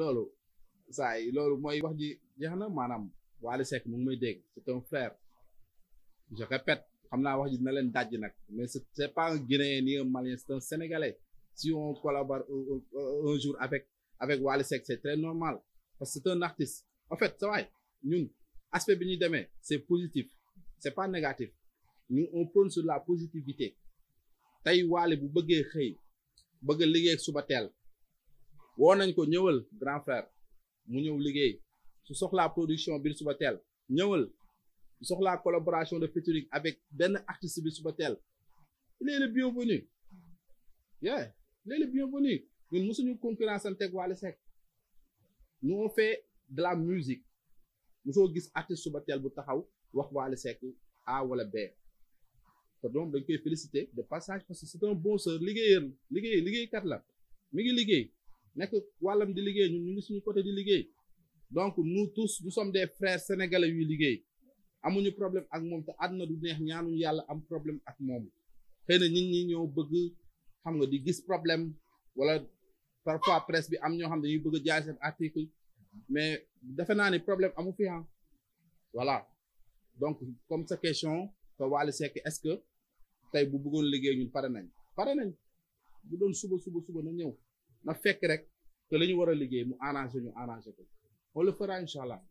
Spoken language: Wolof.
loolu saa yi loolu mooy wax ji jeex na maanaam Wally Seck mu ngi may dégg c'est un frère je xam naa wax ji dina leen dajj nag mais c'est pas un Guinéen ni un Malien c'est un si on collabore un jour avec avec Wally Seck c'est très normal parce que c'est un artiste en fait sa waay ñun aspect bi ñuy demee c'est positif c'est pas négatif ñun on prône sur la positivité tey Wally bu bëggee xëy bëgg liggéey ak suba teel woo nañ ko ñëwal grand frère mu ñëw liggéey su soxlaa production bi suba teel ñëwal su soxlaa collaboration de featuring avec benn artiste bi suba teel il est le bienvenu yeah il est le bienvenu ñun mosuñu concurrence an teg Wally Seck nous fait de la musique soo gis artiste suba teel bu taxaw wax Wally Seck A wala B te dañ koy féliciter de passage parce que c'est un bon sœur liggéey liggéeykat la mu ngi liggéey nekk wàllam di liggéey ñun ñu ngi suñu côté di liggéey donc nous tous nous sommes des frères sénégalais yuy liggéey amuñu problème ak moom te àdduna du neex ñaanuñu yàlla am problème ak moom xëy na nit ñi ñoo bëgg xam nga di gis problème wala parfois presse bi am ñoo xam ne dañuy bëgg a jaay seen article mais defe naa ne problème amu fi ah voilà donc comme sa question te Wally Seck est-ce que tey bu bëggoon liggéey ñun pare nañ pare nañ bu doon suba suba suba na ñëw na fekk rek que la ñu war a liggéey mu arrangé ñu arrangé ko on le fera incha